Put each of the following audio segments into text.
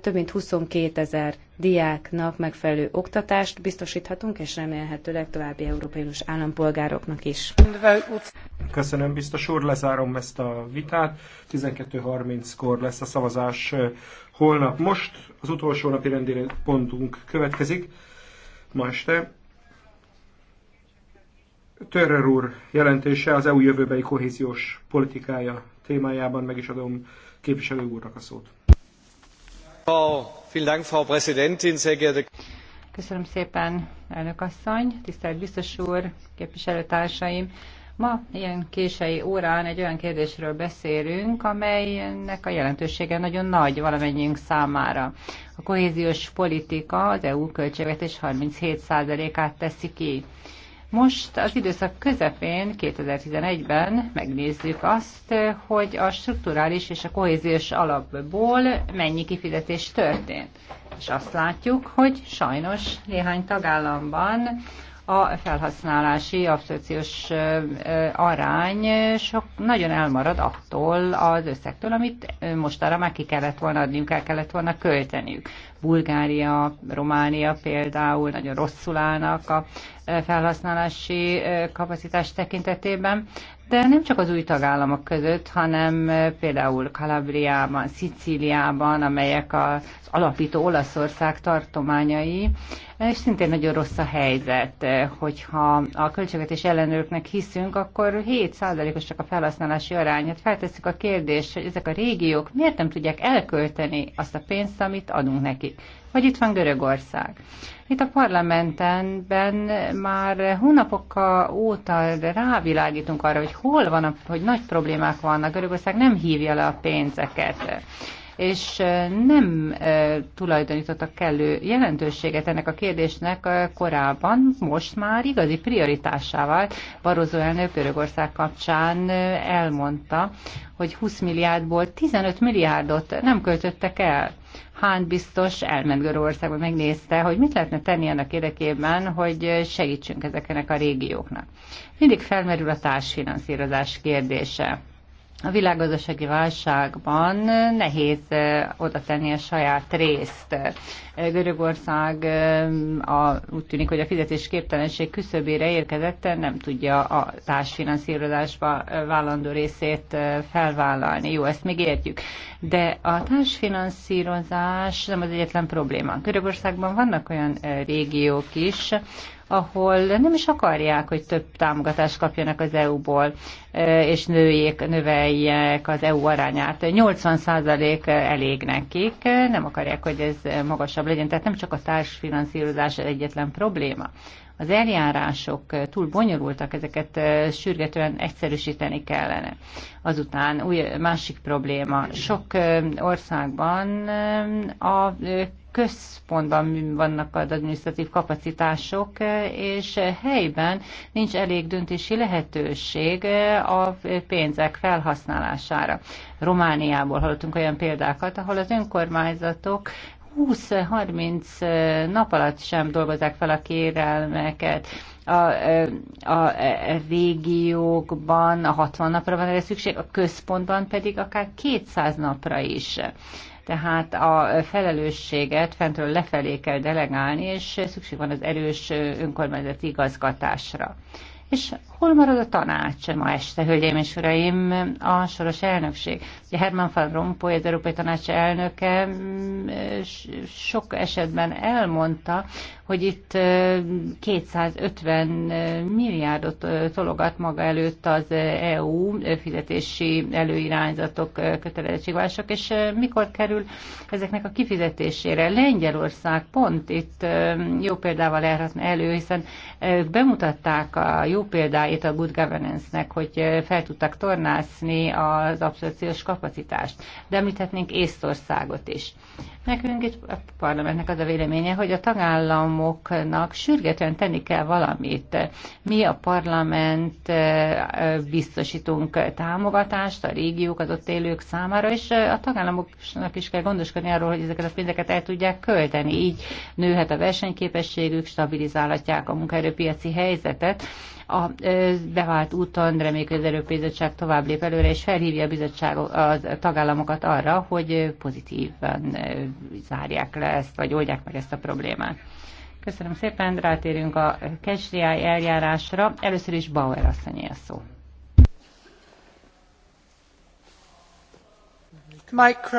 több mint 22 ezer diáknak megfelelő oktatást biztosíthatunk, és remélhetőleg további Európai Uniós állampolgároknak is. Köszönöm, biztos úr, lezárom ezt a vitát. 12.30-kor lesz a szavazás holnap. Most az utolsó napi rendi pontunk következik, ma este. Törrer úr jelentése az EU jövőbeli kohéziós politikája témájában meg is adom képviselő úrnak a szót frau präsidentin sehr geehrte Köszönöm szépen, elnök asszony, tisztelt biztos úr, képviselőtársaim! Ma ilyen késői órán egy olyan kérdésről beszélünk, amelynek a jelentősége nagyon nagy valamennyiünk számára. A kohéziós politika az EU költségvetés 37%-át teszi ki. Most az időszak közepén, 2011-ben megnézzük azt, hogy a strukturális és a kohéziós alapból mennyi kifizetés történt. És azt látjuk, hogy sajnos néhány tagállamban a felhasználási abszorciós arány sok, nagyon elmarad attól az összegtől, amit mostanra már ki kellett volna adniuk, el kellett volna költeniük. Bulgária, Románia például nagyon rosszul állnak a felhasználási kapacitás tekintetében de nem csak az új tagállamok között, hanem eh, például Kalabriában, Szicíliában, amelyek az alapító Olaszország tartományai, és szintén nagyon rossz a helyzet, eh, hogyha a költségvetés ellenőröknek hiszünk, akkor 7%-os csak a felhasználási arány. Hát feltesszük a kérdést, hogy ezek a régiók miért nem tudják elkölteni azt a pénzt, amit adunk nekik. Vagy itt van Görögország. Itt a parlamentenben már hónapokkal óta rávilágítunk arra, hogy hol van, a, hogy nagy problémák vannak. Görögország nem hívja le a pénzeket és nem tulajdonítottak kellő jelentőséget ennek a kérdésnek korábban, most már igazi prioritásával, Barozó elnök Görögország kapcsán elmondta, hogy 20 milliárdból 15 milliárdot nem költöttek el. Hán biztos elment Görögországba, megnézte, hogy mit lehetne tenni annak érdekében, hogy segítsünk ezeknek a régióknak. Mindig felmerül a társfinanszírozás kérdése a világgazdasági válságban nehéz eh, oda tenni a saját részt. Eh, Görögország eh, a, úgy tűnik, hogy a fizetésképtelenség küszöbére érkezett, nem tudja a társfinanszírozásba vállandó részét felvállalni. Jó, ezt még értjük. De a társfinanszírozás nem az egyetlen probléma. Görögországban vannak olyan régiók is, ahol nem is akarják, hogy több támogatást kapjanak az EU-ból, és nőjék, növeljék az EU arányát. 80% elég nekik, nem akarják, hogy ez magasabb legyen, tehát nem csak a társfinanszírozás egyetlen probléma az eljárások túl bonyolultak, ezeket sürgetően egyszerűsíteni kellene. Azután új, másik probléma. Sok országban a központban vannak az adminisztratív kapacitások, és helyben nincs elég döntési lehetőség a pénzek felhasználására. Romániából hallottunk olyan példákat, ahol az önkormányzatok 20-30 nap alatt sem dolgozzák fel a kérelmeket. A, a e, e, régiókban a 60 napra van erre szükség, a központban pedig akár 200 napra is. Tehát a felelősséget fentről lefelé kell delegálni, és szükség van az erős önkormányzati igazgatásra. És Hol marad a tanács ma este, hölgyeim és uraim, a soros elnökség? Ugye Herman van Rompuy, az Európai Tanács elnöke sok esetben elmondta, hogy itt 250 milliárdot tologat maga előtt az EU fizetési előirányzatok kötelezettségvások, és mikor kerül ezeknek a kifizetésére? Lengyelország pont itt jó példával elhatna elő, hiszen bemutatták a jó példáját, hibáit a good governance-nek, hogy fel tudtak tornászni az abszorciós kapacitást. De említhetnénk Észtországot is. Nekünk itt a parlamentnek az a véleménye, hogy a tagállamoknak sürgetően tenni kell valamit. Mi a parlament biztosítunk támogatást a régiók, az ott élők számára, és a tagállamoknak is kell gondoskodni arról, hogy ezeket a pénzeket el tudják költeni. Így nőhet a versenyképességük, stabilizálhatják a munkaerőpiaci helyzetet a bevált úton, reméljük, hogy az Európai Bizottság tovább lép előre, és felhívja a bizottság a tagállamokat arra, hogy pozitívan zárják le ezt, vagy oldják meg ezt a problémát. Köszönöm szépen, rátérünk a Kesriáj eljárásra. Először is Bauer asszonyé a szó. Micro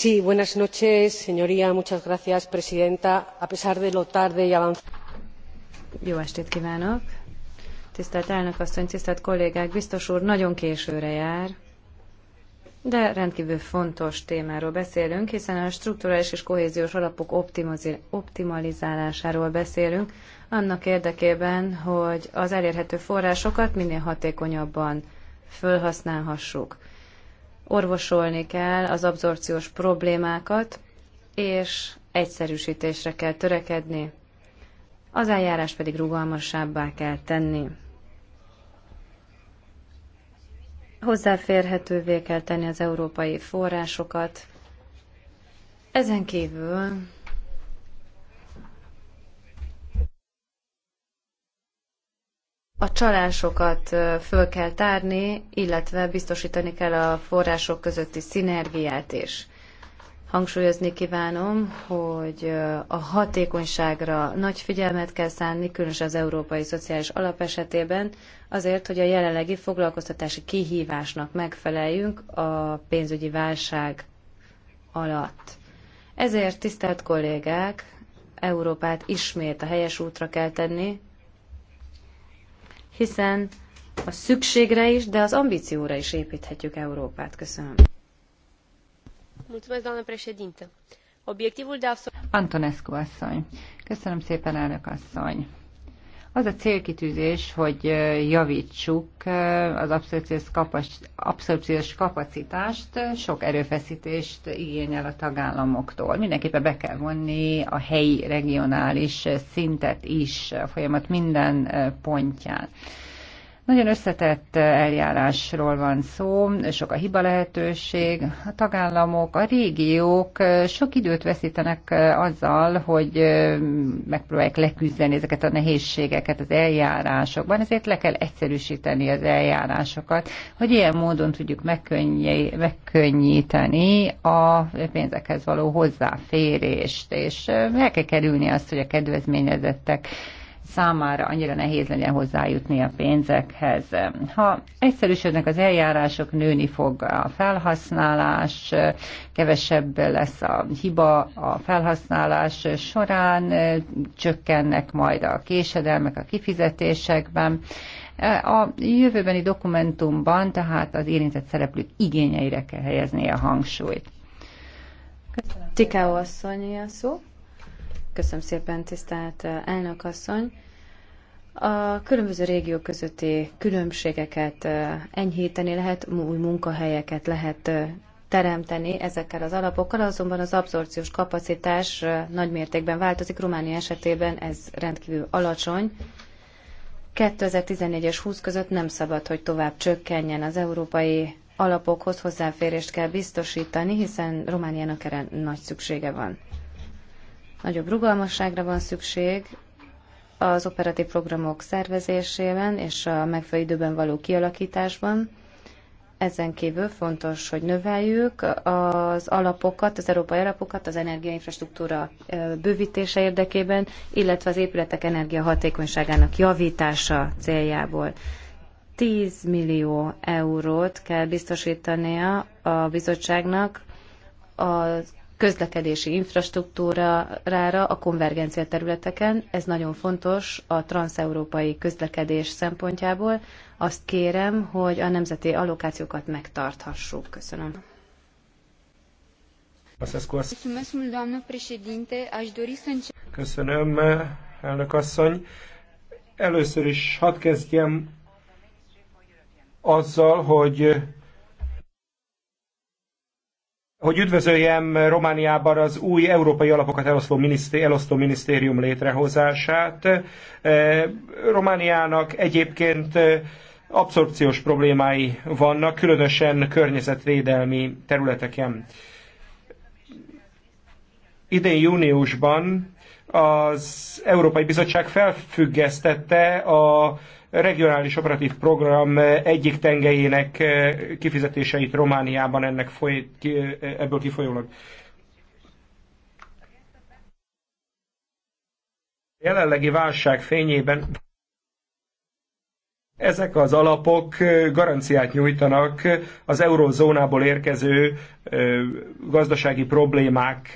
señora presidenta a pesar de lo tarde y avanzado. jó estét kívánok! tisztelt elnök asszony, tisztelt kollégák! biztos úr, nagyon későre jár, de rendkívül fontos témáról beszélünk, hiszen a strukturális és kohéziós alapok optimalizálásáról beszélünk, annak érdekében, hogy az elérhető forrásokat minél hatékonyabban fölhasználhassuk orvosolni kell az abszorciós problémákat, és egyszerűsítésre kell törekedni, az eljárás pedig rugalmasabbá kell tenni. Hozzáférhetővé kell tenni az európai forrásokat. Ezen kívül a csalásokat föl kell tárni, illetve biztosítani kell a források közötti szinergiát is. Hangsúlyozni kívánom, hogy a hatékonyságra nagy figyelmet kell szánni, különösen az Európai Szociális Alap esetében, azért, hogy a jelenlegi foglalkoztatási kihívásnak megfeleljünk a pénzügyi válság alatt. Ezért, tisztelt kollégák, Európát ismét a helyes útra kell tenni, hiszen a szükségre is, de az ambícióra is építhetjük Európát. Köszönöm. Mulțumesc, doamnă președintă. Obiectivul de abszol... Antonescu asszony. Köszönöm szépen, elnök asszony. Az a célkitűzés, hogy javítsuk az abszorpciós, kapacitást, sok erőfeszítést igényel a tagállamoktól. Mindenképpen be kell vonni a helyi regionális szintet is a folyamat minden pontján. Nagyon összetett eh, eljárásról van szó, sok a hiba lehetőség, a tagállamok, a régiók eh, sok időt veszítenek eh, azzal, hogy megpróbálják leküzdeni ezeket a nehézségeket az eljárásokban, ezért le kell egyszerűsíteni az eljárásokat, hogy ilyen módon tudjuk megkönnyíteni a pénzekhez való hozzáférést, és el kell kerülni azt, hogy a kedvezményezettek számára annyira nehéz legyen hozzájutni a pénzekhez. Ha egyszerűsödnek az eljárások, nőni fog a felhasználás, kevesebb lesz a hiba a felhasználás során, csökkennek majd a késedelmek a kifizetésekben. A jövőbeni dokumentumban tehát az érintett szereplők igényeire kell helyezni a hangsúlyt. Köszönöm. Tikáó asszony, a szó. Köszönöm szépen, tisztelt eh, elnök asszony. A különböző régiók közötti különbségeket eh, enyhíteni lehet, új munkahelyeket lehet eh, teremteni ezekkel az alapokkal, azonban az abszorciós kapacitás nagymértékben változik. Románia esetében ez rendkívül alacsony. 2014 és 20 között nem szabad, hogy tovább csökkenjen az európai alapokhoz hozzáférést kell biztosítani, hiszen Romániának erre nagy szüksége van. Nagyobb rugalmasságra van szükség az operatív programok szervezésében és a megfelelő időben való kialakításban. Ezen kívül fontos, hogy növeljük az alapokat, az európai alapokat az energiainfrastruktúra bővítése érdekében, illetve az épületek energiahatékonyságának javítása céljából. 10 millió eurót kell biztosítania a bizottságnak az közlekedési infrastruktúrára a konvergencia területeken. Ez nagyon fontos a transeurópai közlekedés szempontjából. Azt kérem, hogy a nemzeti allokációkat megtarthassuk. Köszönöm. Köszönöm, elnök asszony. Először is hadd kezdjem azzal, hogy hogy üdvözöljem Romániában az új európai alapokat elosztó, minisztérium, elosztó minisztérium létrehozását. E, Romániának egyébként e, abszorpciós problémái vannak, különösen környezetvédelmi területeken. Idén júniusban az Európai Bizottság felfüggesztette a regionális operatív program eh, egyik tengelyének eh, kifizetéseit Romániában ennek foly, eh, ebből kifolyólag. jelenlegi válság fényében ezek az alapok garanciát nyújtanak az eurózónából érkező gazdasági problémák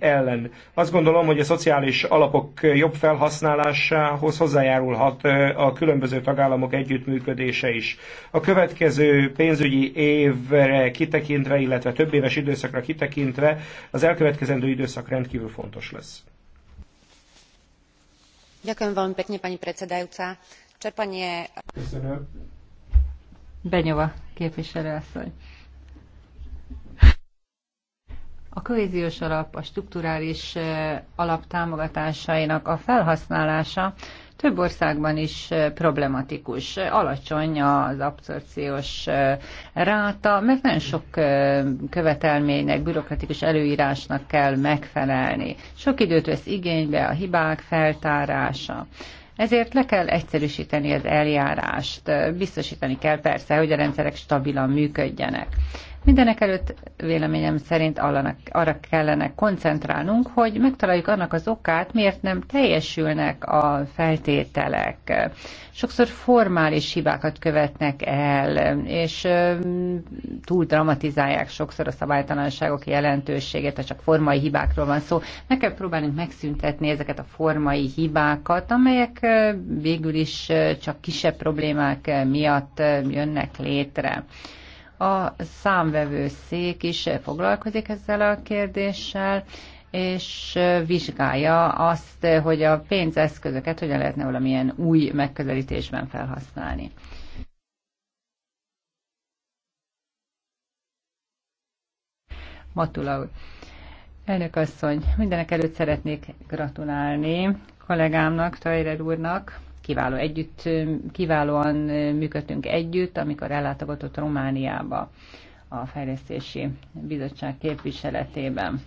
ellen. Azt gondolom, hogy a szociális alapok jobb felhasználásához hozzájárulhat a különböző tagállamok együttműködése is. A következő pénzügyi évre kitekintve, illetve több éves időszakra kitekintve az elkövetkezendő időszak rendkívül fontos lesz. Ďakujem veľmi pekne, pani predsedajúca Cserpanie... Köszönöm. Benyova képviselőasszony. A kohéziós alap, a strukturális alap támogatásainak a felhasználása több országban is problematikus. Alacsony az abszorciós ráta, mert nagyon sok követelménynek, bürokratikus előírásnak kell megfelelni. Sok időt vesz igénybe a hibák feltárása. Ezért le kell egyszerűsíteni az eljárást, biztosítani kell persze, hogy a rendszerek stabilan működjenek. Mindenek előtt véleményem szerint arra kellene koncentrálnunk, hogy megtaláljuk annak az okát, miért nem teljesülnek a feltételek. Sokszor formális hibákat követnek el, és túl dramatizálják sokszor a szabálytalanságok jelentőségét, ha csak formai hibákról van szó. Meg kell próbálnunk megszüntetni ezeket a formai hibákat, amelyek végül is csak kisebb problémák miatt jönnek létre. A számvevőszék is foglalkozik ezzel a kérdéssel, és vizsgálja azt, hogy a pénzeszközöket hogyan lehetne valamilyen új megközelítésben felhasználni. Matula úr. Elnök asszony, mindenek előtt szeretnék gratulálni kollégámnak, Tajred úrnak, kiváló együtt, kiválóan működtünk együtt, amikor ellátogatott Romániába a Fejlesztési Bizottság képviseletében.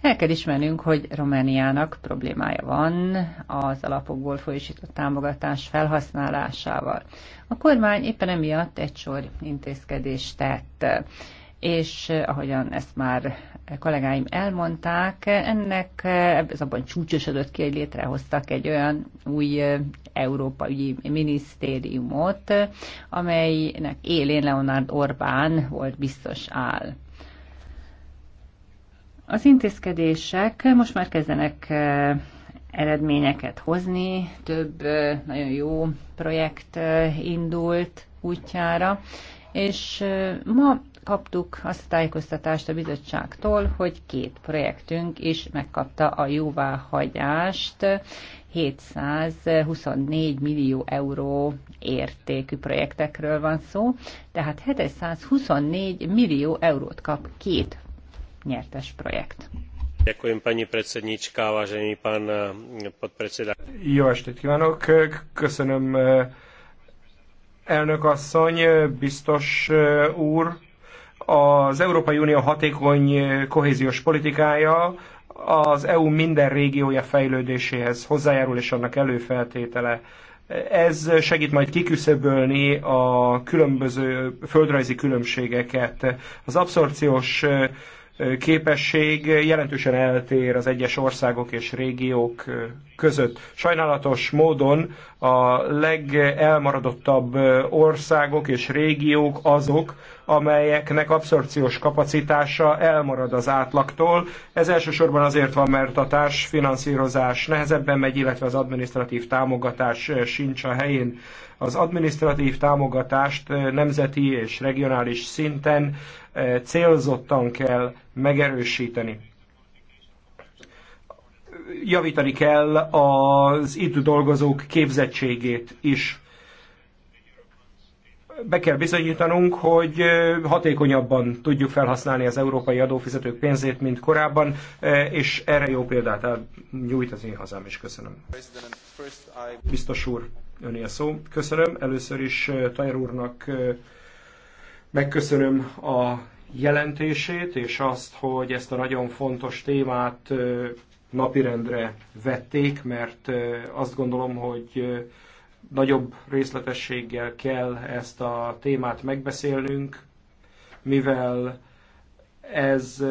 El kell ismernünk, hogy Romániának problémája van az alapokból folyosított támogatás felhasználásával. A kormány éppen emiatt egy sor intézkedést tett és eh, ahogyan ezt már kollégáim elmondták, ennek ez eh, abban csúcsosodott ki, hogy létrehoztak egy olyan új eh, Európa ügyi minisztériumot, amelynek élén Leonard Orbán volt biztos áll. Az intézkedések most már kezdenek eredményeket hozni, több nagyon jó projekt indult útjára, és ma kaptuk azt a tájékoztatást a bizottságtól, hogy két projektünk is megkapta a jóváhagyást, 724 millió euró értékű projektekről van szó, tehát 724 millió eurót kap két nyertes projekt. Ďakujem pani predsednička, vážený pán eh, podpredseda. Jó estét kívánok, köszönöm eh, elnök asszony, eh, biztos úr, az Európai Unió hatékony kohéziós politikája az EU minden régiója fejlődéséhez hozzájárul és annak előfeltétele. Ez segít majd kiküszöbölni a különböző földrajzi különbségeket. Az abszorpciós képesség jelentősen eltér az egyes országok és régiók között. Sajnálatos módon a legelmaradottabb országok és régiók azok, amelyeknek abszorpciós kapacitása elmarad az átlagtól. Ez elsősorban azért van, mert a társfinanszírozás nehezebben megy, illetve az adminisztratív támogatás sincs a helyén. Az adminisztratív támogatást nemzeti és regionális szinten célzottan kell megerősíteni. Javítani kell az itt dolgozók képzettségét is. Be kell bizonyítanunk, hogy hatékonyabban tudjuk felhasználni az európai adófizetők pénzét, mint korábban, és erre jó példát nyújt az én hazám is. Köszönöm. Biztos úr, öné a szó. Köszönöm. Először is Tajer úrnak Megköszönöm a jelentését, és azt, hogy ezt a nagyon fontos témát napirendre vették, mert azt gondolom, hogy nagyobb részletességgel kell ezt a témát megbeszélnünk, mivel ez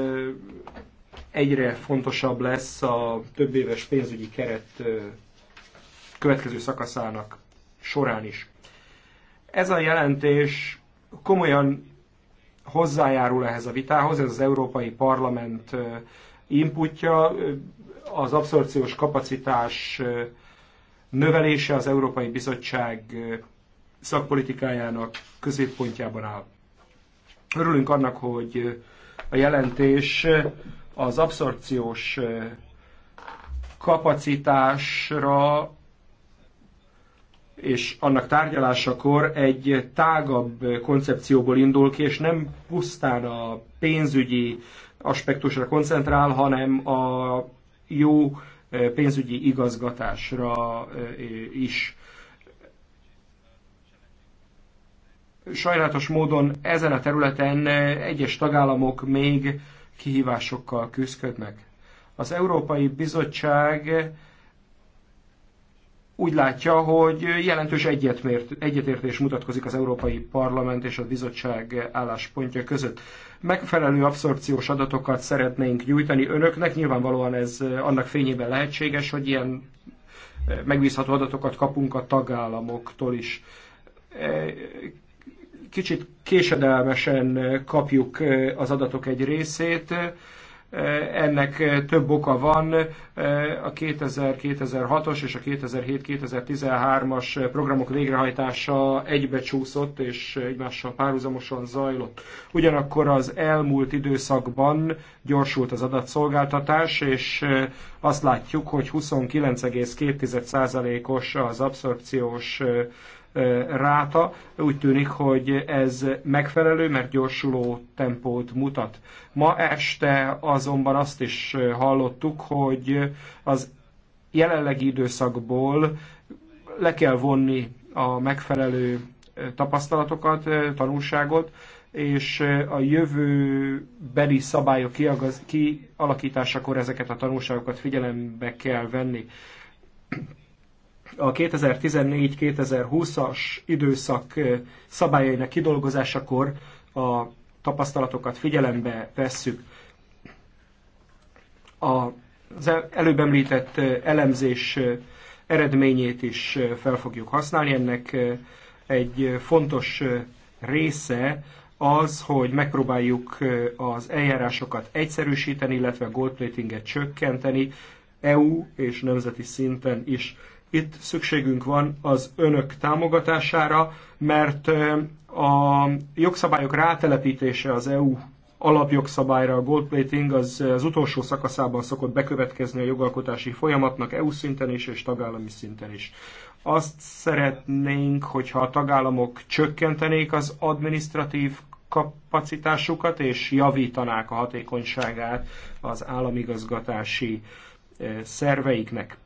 egyre fontosabb lesz a több éves pénzügyi keret következő szakaszának során is. Ez a jelentés komolyan hozzájárul ehhez a vitához, ez az Európai Parlament inputja, az abszorciós kapacitás növelése az Európai Bizottság szakpolitikájának középpontjában áll. Örülünk annak, hogy a jelentés az abszorciós kapacitásra és annak tárgyalásakor egy tágabb koncepcióból indul ki, és nem pusztán a pénzügyi aspektusra koncentrál, hanem a jó eh, pénzügyi igazgatásra eh, is. Sajnálatos módon ezen a területen eh, egyes tagállamok még kihívásokkal küzdködnek. Az Európai Bizottság úgy látja, hogy jelentős egyetértés mutatkozik az Európai Parlament és a bizottság álláspontja között. Megfelelő abszorpciós adatokat szeretnénk nyújtani önöknek, nyilvánvalóan ez annak fényében lehetséges, hogy ilyen eh, megbízható adatokat kapunk a tagállamoktól is. Eh, kicsit késedelmesen kapjuk eh, az adatok egy részét, Eh, ennek eh, több oka van, eh, a 2000-2006-os és a 2007-2013-as programok végrehajtása egybecsúszott és egymással párhuzamosan zajlott. Ugyanakkor az elmúlt időszakban gyorsult az adatszolgáltatás, és azt látjuk, hogy 29,2%-os az abszorpciós ráta. Úgy tűnik, hogy ez megfelelő, mert gyorsuló tempót mutat. Ma este azonban azt is hallottuk, hogy az jelenlegi időszakból le kell vonni a megfelelő tapasztalatokat, tanulságot, és a jövőbeli szabályok kialakításakor ezeket a tanulságokat figyelembe kell venni a 2014-2020-as időszak szabályainak kidolgozásakor a tapasztalatokat figyelembe vesszük. Az előbb említett elemzés eredményét is fel fogjuk használni. Ennek egy fontos része az, hogy megpróbáljuk az eljárásokat egyszerűsíteni, illetve a goldplatinget csökkenteni EU és nemzeti szinten is. Itt szükségünk van az önök támogatására, mert a jogszabályok rátelepítése az EU alapjogszabályra, a gold plating az, az utolsó szakaszában szokott bekövetkezni a jogalkotási folyamatnak EU szinten is és tagállami szinten is. Azt szeretnénk, hogyha a tagállamok csökkentenék az administratív kapacitásukat és javítanák a hatékonyságát az államigazgatási szerveiknek.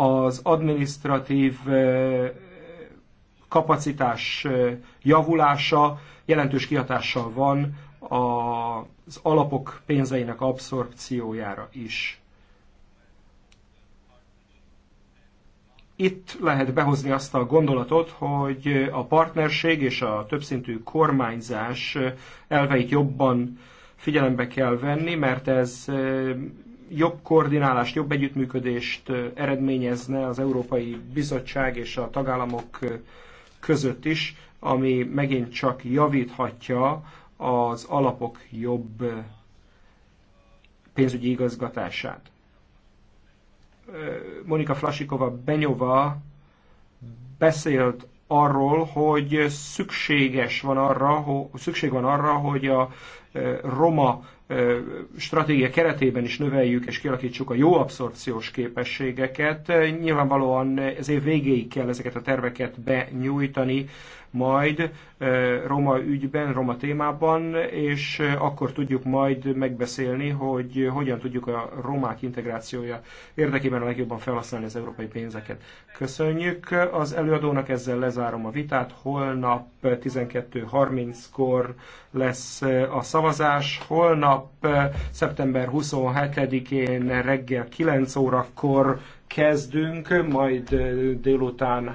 az administratív eh, kapacitás eh, javulása jelentős kihatással van az alapok pénzeinek abszorpciójára is. Itt lehet behozni azt a gondolatot, hogy a partnerség és a többszintű kormányzás eh, elveit jobban figyelembe kell venni, mert ez jobb koordinálást, jobb együttműködést eredményezne az Európai Bizottság és a tagállamok között is, ami megint csak javíthatja az alapok jobb pénzügyi igazgatását. Monika Flasikova Benyova beszélt arról, hogy szükséges van arra, hogy szükség van arra, hogy a roma stratégia keretében is növeljük és kialakítsuk a jó abszorpciós képességeket. Nyilvánvalóan ez év végéig kell ezeket a terveket benyújtani, majd roma ügyben, roma témában, és akkor tudjuk majd megbeszélni, hogy hogyan tudjuk a romák integrációja érdekében a legjobban felhasználni az európai pénzeket. Köszönjük az előadónak, ezzel lezárom a vitát. Holnap 12.30-kor lesz a szavazás. Holnap, szeptember 27-én reggel 9 órakor kezdünk, majd délután